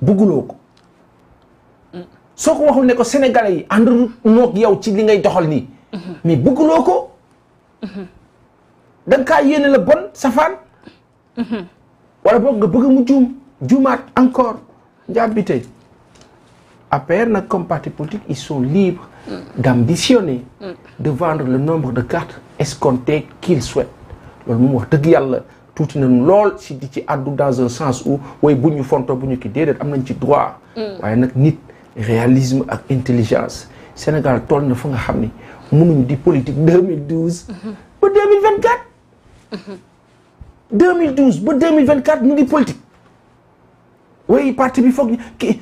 bugguloo ko soo ko waxul ne ko sénégalais yi àndul noog yow ci li ngay doxal nii mais bugguloo ko da nga kaa la bon safaan wala boog nga bëgg mu juum juumaat encore njàmbi tey nag comme parti politique ils sont libres d'ambitionner de vendre le nombre de cartes escomptées qu'ils souhaitent loolu moom wax dëgg yàlla tuuti nañ lool si di ci àddu dans un sens où way bu ñu fonto bu ñu ki déedéet am nañ ci droit mm. waaye nag nit réalisme ak intelligence Sénégal toll na fa nga xam ni mënuñ di politique 2012 mm-hmm. ba 2024 2012 ba 2024 ñu ngi politique way parti bi foog ki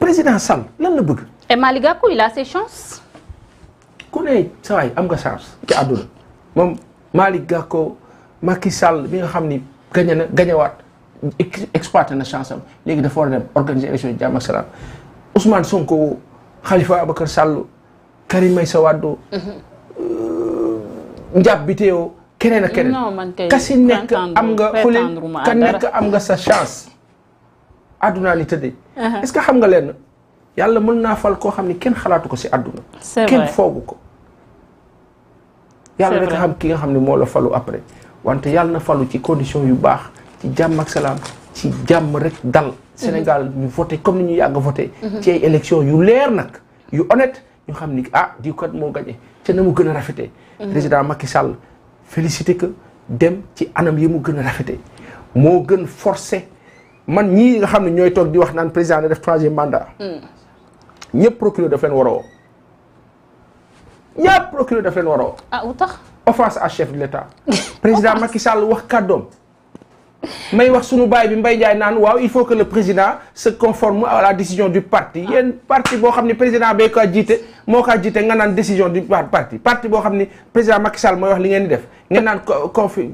président Sall lan la bugg et Malick Gakou il a ses chances ku ne sawaay am nga chance ci àdduna moom Malick Gakou Macky Sall bi nga xam ni gañe na gañewaat exploité na chance am léegi dafa war a dem organiser élection yi jàmm ak salaam Ousmane Sonko Khalifa Abacar Sall Karim Meïssa Wade. Mhm. Euh, Ndiab Bitèye keneen ak keneen. non man nekk am nga xule ka nekk am nga sa chance. àdduna li tëddee. est-ce que xam nga leen yàlla mën naa fal koo xam ni kenn xalaatu ko si àdduna. kenn foogu ko. yàlla rek xam ki nga xam ne moo la falu après. wante yàlla na falu ci condition yu baax ci jàmm ak salaam ci jàmm rek dal Sénégal ñu voté comme ni ñu yàgg voté mhm. ci ay élection yu leer nag yu honnête ñu xam ni ah diw kat moo gagné te na mu gën a rafete mhm. président Macky Sall félicité que dem ci anam yi mu gën a rafetee moo gën force man ñii nga xam ne ñooy toog di wax naan président na def troisième mandat hmm. ñëpp procureur daf leen waroo ñëpp procureur daf leen waroo ah, offense à chef de l'État président Macky Sall wax kàddoom may wax sunu baay bi mbay Ndiaye naan waaw il faut que le président se conforme à la décision du parti yéen parti boo xam ne président bee ko jiite moo ko jiite nga naan décision du parti parti boo xam ne président Macky Sall mooy wax li ngeen di def ngeen naan confi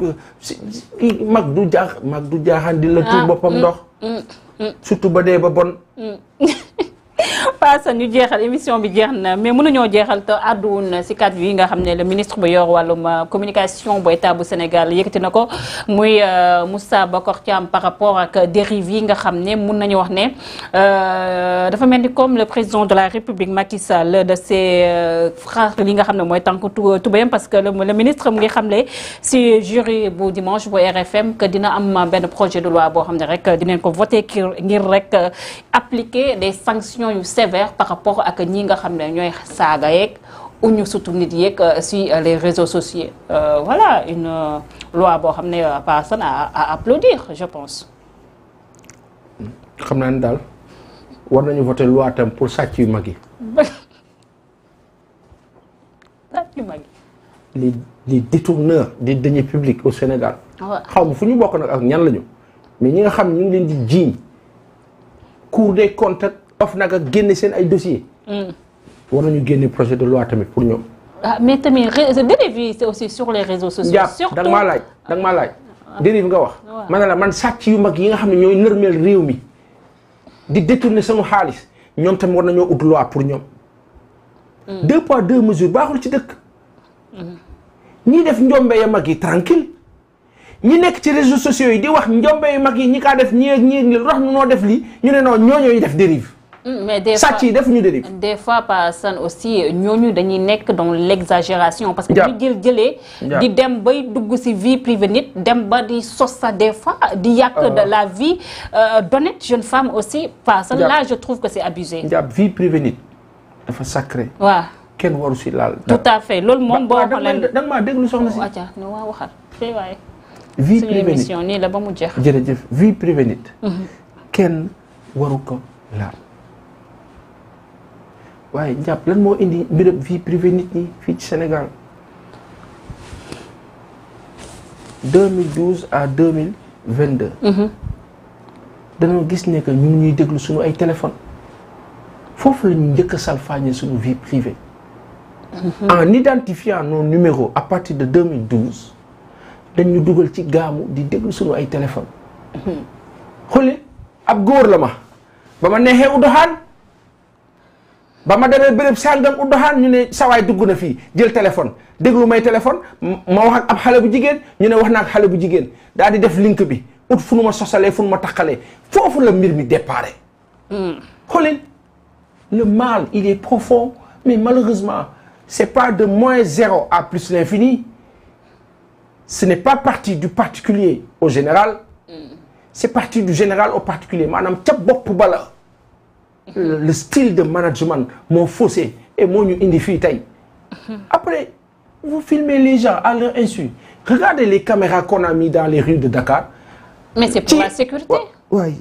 mag du jaax mag du jaaxaan di la ah, tur boppam mm, ndox mm, mm. surtout ba dee ba bon paasa ñu jeexal émission bi jeex na mais mënuñoo jeexal te àdduwun si kàddu yi nga xam ne le ministre bu yor wàllum euh, communication bu état bu Sénégal yëkkati na ko muy euh, Moussa Bakor am par rapport ak dérive yi nga xam ne mun nañu wax ne euh, dafa mel ni comme le président de la République Macky Sall de ses frères li nga xam ne mooy tànk tubéyam parce que le ministre mu ngi xam xamle si jury bu dimanche bu RFM que dina am benn projet de loi boo xam ne rek dinañ ko voté ngir rek sévère par rapport ak ñi nga xam ne ñooy saaga yeeg ñu surtout nit yeeg euh, si euh, les réseaux sociaux euh, voilà une loi boo xam ne personne à, à applaudir je pense. xam naa ni daal war nañu voter loi tam pour sàcc yu mag yi. sàcc yu mag yi. les les détourneurs des deniers publics au Sénégal. xaw ma fu ñu bokk nag ak ñan lañu. mais ñi nga xam ñu leen di jiiñ. Cour des comptes of nag ak génne seen ay dossier hmm. war nañu génne projet de loi tamit pour ñoom. ah mais tamit dérive yi c'est aussi sur les réseaux sociaux. surtout danga maa laaj danga maa laaj. Ah. dérive nga wax. man na la man sàcc yu mag yi nga xam ne ñooy nërmeel réew mi di détourner sama xaalis ñoom tamit war nañoo ut loi pour ñoom. Hmm. deux poids deux mesures baaxul ci dëkk. Hmm. ñi def njombe ya mag yi tranquille ñi nekk ci réseaux sociaux yi di wax njombe yu mag yi ñi kaa def ñii ak ñii ak ñii lu tax noo def li ñu ne noonu ñoo ñooy def dérive. Mm, mais des fois sàcc yi defuñu dérive. des fois Pa aussi ñooñu dañuy nekk dans l'exagération parce que ñu jël di dem bay dugg ci vie privée dem ba di sos sa des fois. di yàq ah. de la vie euh, d'honnête jeunes femme aussi Pa Assane. là je trouve que c'est abusé. vie privée dafa sacré. waa kenn waru ci laal. tout à fait loolu moom boo. xoolee da nga maa déglu soxna si. waaw no waaw waxal waaye. vie privée ba mu jeex. jërëjëf vie privée mhm. kenn waru ko laal. waaye jàpp lan moo indi mbiram vie privée nit ñi fii ci Sénégal 2012 à 2022. Mhm. dañoo gis ne que ñu ngi ñuy déglu suñu ay téléphone foofu la ñuy njëkk a salfaañe suñu vie privée. Mhm. en identifiant nos numéros à partir de 2012 dañu dugal ci gaamu di déglu suñu ay téléphone mhm. xooli ab góor la ma ba ma neexee u ba ma demee béréb sàngam uddoxaan ñu ne sawaay dugg na fii jël téléphone déglu may téléphone ma wax ak ab xale bu jigéen ñu ne wax naa xale bu jigéen daal di def link bi ut fu nu ma sosale fu nu ma taqalee foofu la mbir mi déparé hmm. xoolin le mal il est profond mais malheureusement c'est pas de moins zéro à plus l'infini ce n'est pas parti du particulier au général hmm. c'est parti du général au particulier maanaam ca bopp bala le style de management moo faussé et moo ñu indi fii tey après vous filmez les gens à leur insu regardez les caméras qu'on a mis dans les rues de Dakar. mais c'est pour la sécurité. waay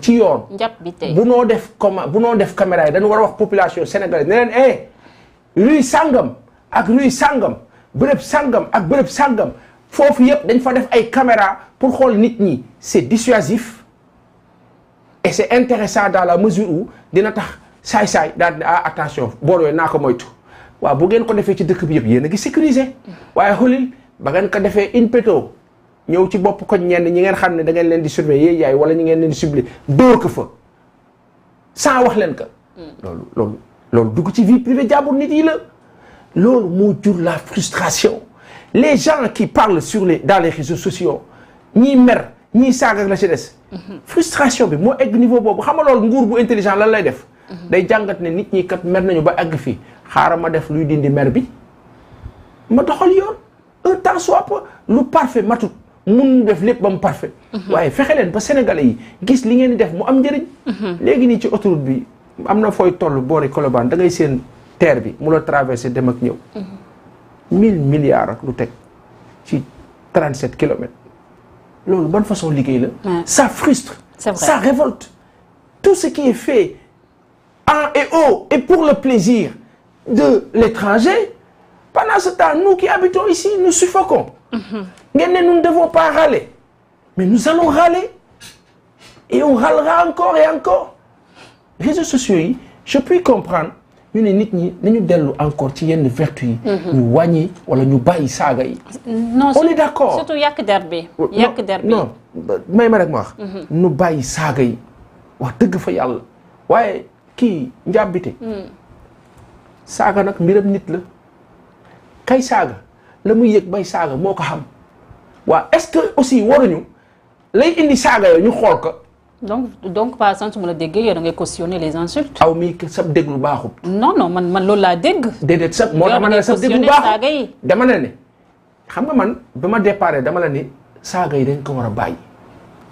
ci yoon. njàpp bi tey bu def comment bu noo def caméra yi dañu war a wax population sénégalaise ne leen eh. luy sangam ak luy sangam bërëb sangam ak bërëb sangam foofu yëpp dañ fa def ay caméra pour xool nit ñi c'est dissuasif. et c' est intéressant dans la mesure où dina tax saay-saay daal ah, attention boor yooyu naa ko moytu waaw bu ngeen ko defee ci dëkk bi yëpp yéen a ngi sécuriser waaye xulil ba ngeen ko defee in péto ñëw ci bopp koñ ñenn ñi ngeen xam ne da ngeen leen di surveiller yaay wala ñi ngeen leen di subli dóor ko fa sans wax leen ko mm. loolu loolu dugg ci vie privée jàmbur nit yi la loolu moo jur la frustration les gens qui parlent sur les dans les réseaux sociaux ñiy mer ñii saaga ak la ci des. frustration bi moo egg niveau boobu xam nga loolu nguur bu intelligent lan lay def. day jàngat ne nit ñi kat mer nañu ba àgg fii xaaral ma def luy dindi mer bi ma doxal yoon un temps soit lu parfait matut mun def lépp ba mu parfait. waaye fexe leen ba sénégalais yi gis li ngeen di def mu am njëriñ. léegi nii ci autoroute bi am na fooy toll boori Colobane da ngay seen terre bi mu la traversé dem ak ñëw. mille ak lu teg ci 37 kilomètres. loolu bonne façon liggéey la. ça frustre. c'est vrai ça révolte. tout ce qui est fait en et au et pour le plaisir de l'étranger pendant ce temps nous qui habitons ici nous suffoquons. Mhm. ngeen ne nous ne devons pas râler mais nous allons râler et on râlera encore et encore réseaux sociaux yi je puis comprendre. ñu ne nit ñi nañu dellu encore ci yenn vertu yi. Mhm. ñu wàññi wala ñu bàyyi saaga yi. surtout yàq der bi. Oh, yàq der bi non may ma rek ma wax. Mhm. ñu bàyyi saaga yi wax dëgg fa yàlla waaye kii njàmbite. Mhm. saaga nag mbiram nit la kay saaga la mu yëg bay saaga moo ko xam waa est-ce que aussi waruñu lay indi saaga yooyu ñu xool ko. donc donc par exemple ma la déggee yow da ngay cautionner les insultes. aw ah, mi sab déglu baaxul. non non man man loolu laa dégg. déedéet sab moo dama ne sab déglu baaxul dama ne ne nga man ba ma dama la ne saaga yi dañ ko war a bàyyi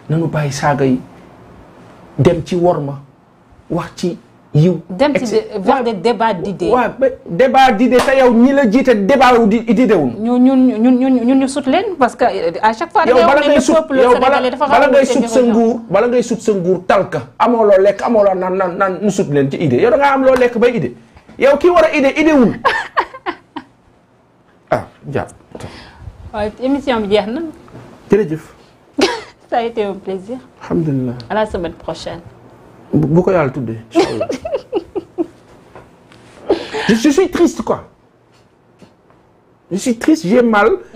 nanu bàyyi saaga yi dem ci ma wax ci. yiw dem ci vers des débats d'idées. sa débat d'idées yow ñi la jiite débat wu di idée wu. ñun ñun ñun ñun ñu sut parce que euh, à chaque fois. yow bala ngay sut yow bala ngay bala ngay sut sa nguur tànk. amoo loo lekk amoo loo naan naan naan ñu sut leen ci idée yow da ngaa am loo lekk bay idée yow kii war a idée idée ah jàpp. waaw émission bi jeex na. jërëjëf. ça a été un plaisir. alhamdulilah à la semaine prochaine. bu ko yàlla tuddee. je suis triste quoi. je suis triste j'ai mal.